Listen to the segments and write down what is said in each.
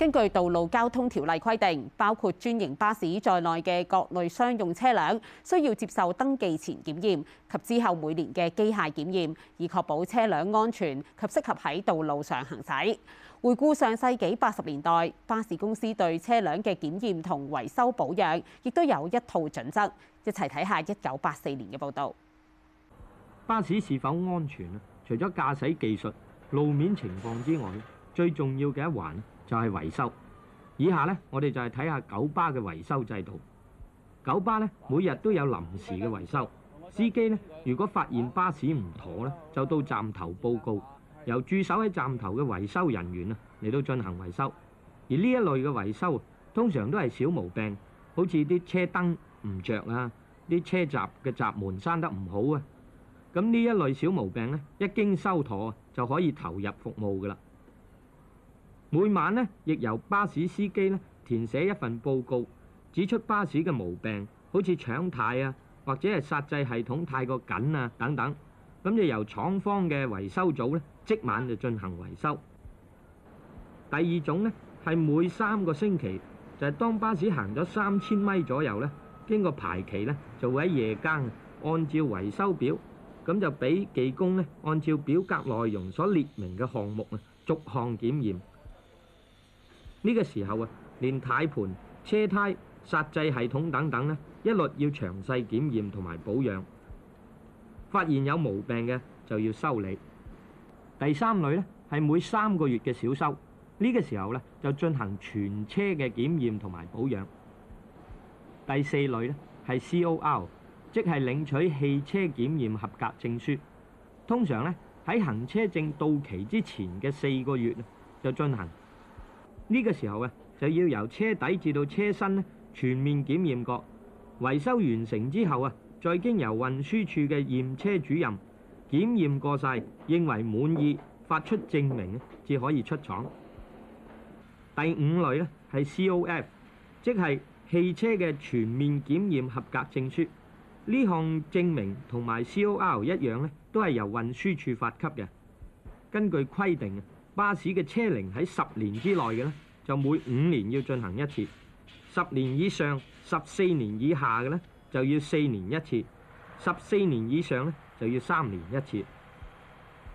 根據道路交通條例規定，包括專營巴士在內嘅各類商用車輛，需要接受登記前檢驗及之後每年嘅機械檢驗，以確保車輛安全及適合喺道路上行駛。回顧上世紀八十年代，巴士公司對車輛嘅檢驗同維修保養，亦都有一套準則。一齊睇下一九八四年嘅報導。巴士是否安全？除咗駕駛技術、路面情況之外最重要嘅一環就係維修。以下呢，我哋就係睇下九巴嘅維修制度。九巴呢，每日都有臨時嘅維修。司機呢，如果發現巴士唔妥呢，就到站頭報告，由駐守喺站頭嘅維修人員啊嚟到進行維修。而呢一類嘅維修通常都係小毛病，好似啲車燈唔著啊，啲車閘嘅閘門閂得唔好啊。咁呢一類小毛病呢，一經修妥啊，就可以投入服務㗎啦。每晚呢，亦由巴士司機呢填寫一份報告，指出巴士嘅毛病，好似搶軚啊，或者係煞掣系統太過緊啊等等。咁就由廠方嘅維修組呢，即晚就進行維修。第二種呢，係每三個星期，就係、是、當巴士行咗三千米左右呢，經過排期呢，就會喺夜間按照維修表，咁就俾技工呢按照表格內容所列明嘅項目啊，逐項檢驗。呢個時候啊，連軚盤、車胎、煞制系統等等咧，一律要詳細檢驗同埋保養。發現有毛病嘅就要修理。第三類咧，係每三個月嘅小修，呢個時候咧就進行全車嘅檢驗同埋保養。第四類咧係 C.O.L，即係領取汽車檢驗合格證書。通常咧喺行車證到期之前嘅四個月就進行。呢個時候啊，就要由車底至到車身咧全面檢驗過，維修完成之後啊，再經由運輸處嘅驗車主任檢驗過晒，認為滿意，發出證明至可以出廠。第五類咧係 C.O.F，即係汽車嘅全面檢驗合格證書。呢項證明同埋 C.O.R 一樣咧，都係由運輸處發給嘅。根據規定巴士嘅車齡喺十年之內嘅呢，就每五年要進行一次；十年以上、十四年以下嘅呢，就要四年一次；十四年以上呢，就要三年一次。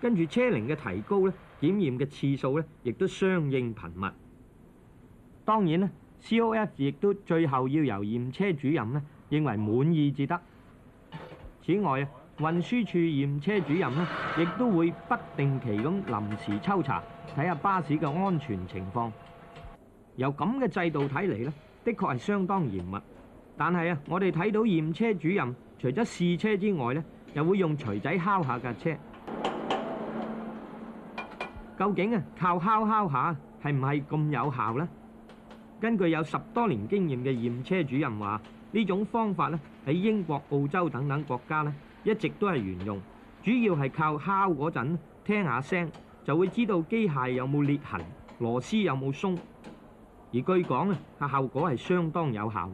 跟住車齡嘅提高呢，檢驗嘅次數呢，亦都相應頻密。當然呢 COF 亦都最後要由驗車主任呢認為滿意至得。此外，啊！運輸處驗車主任咧，亦都會不定期咁臨時抽查，睇下巴士嘅安全情況。由咁嘅制度睇嚟呢，的確係相當嚴密。但係啊，我哋睇到驗車主任除咗試車之外呢，又會用錘仔敲下架車。究竟啊，靠敲敲下係唔係咁有效呢？根據有十多年經驗嘅驗車主任話，呢種方法咧喺英國、澳洲等等國家咧，一直都係沿用，主要係靠敲嗰陣聽下聲，就會知道機械有冇裂痕，螺絲有冇鬆。而據講啊，效果係相當有效。